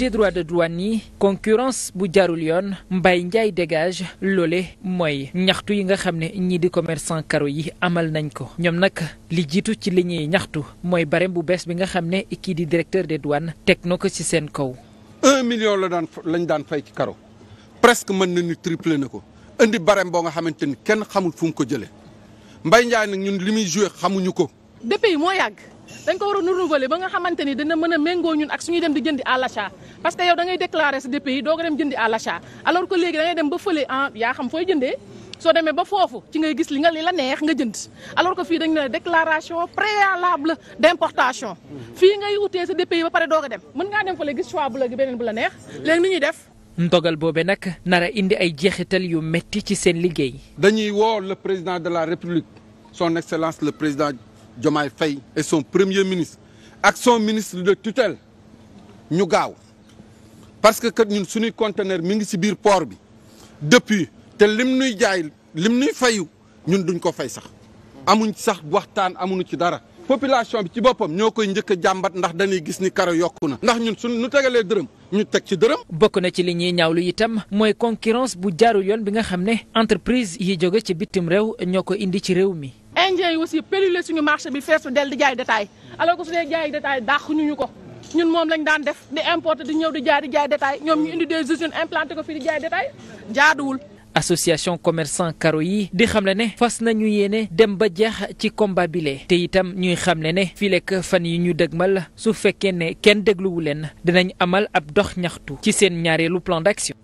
des droits de douane yi concurrence bu jarul yoon mbay njaay dégage lole mooy ñaxtu yi nga xam ne ñii di commerçant karo yi amal nañ ko ñoom nag li jiitu ci li ñuy ñaxtu mooy barème bu bees bi nga xam ne kii di directeur des douanes teg na ko ci seen kaw. un million la daan lañ daan fay ci karo presque mën nañu tripler na ko indi barème boo nga xamante ni kenn xamul fu mu ko jëlee mbay njaay nag ñun li muy joué xamuñu ko. yi moo yàgg dañ ko war a renouveler ba nga xamante ni dina mën a méngoo ñun ak suñuy dem di jëndi à parce que yow da ngay déclarer sa DPI doo ko dem jëndi à l'achat alors que léegi da dem ba fële ah, yaa xam fooy jëndee soo demee ba foofu ci ngay gis li nga li la neex nga jënd alors que fii dañ ne déclaration préalable d'importation fii ngay utee sa DPI ba pare doo ko dem mën ngaa dem fële gis choix bu la gi beneen bu la neex léegi ni ñuy def ndogal boobe nag nar a indi ay jeexital yu metti ci seen liggéey dañuy woo le président de la république son excellence le président Diomaye Faye et son premier ministre ak son ministre de tutelle ñu gaaw parce que kat ñun suñuy conteneur mi ngi ci biir port bi depuis te lim nuy jaay lim nuy fayu ñun duñ ko fay sax amuñ sax waxtaan amuñu ci dara population bi ci boppam ñoo koy njëkk jàmbat ndax dañuy gis ni karo yokk na ndax ñun suñ nu tegalee dërëm ñu teg ci dërëm bokk na ci li ñuy ñaawlu itam mooy concurrence bu jaarul yoon bi nga xam ne entreprise yi jóge ci bitim réew ñoo ko indi ci réew mi indien yi aussi pélule suñu marché bi feesu del di jaay détail alors que su dee jaay détail dàquñu ñu ko ñun moom lañ daan def di importer di ñëw di jaay di jaay détail ñoom ñu indi des usines implanté ko fii di jaay détail jaaduwul. association commerçant karo yi di xam xamle ne fas nañu yéene dem ba jeex ci combat bile te itam ñuy xamle ne fii lekk fan yi ñu la su fekkee ne kenn dégluwu leen dinañu amal ab dox ñaxtu ci seen ñaareelu plan d'action.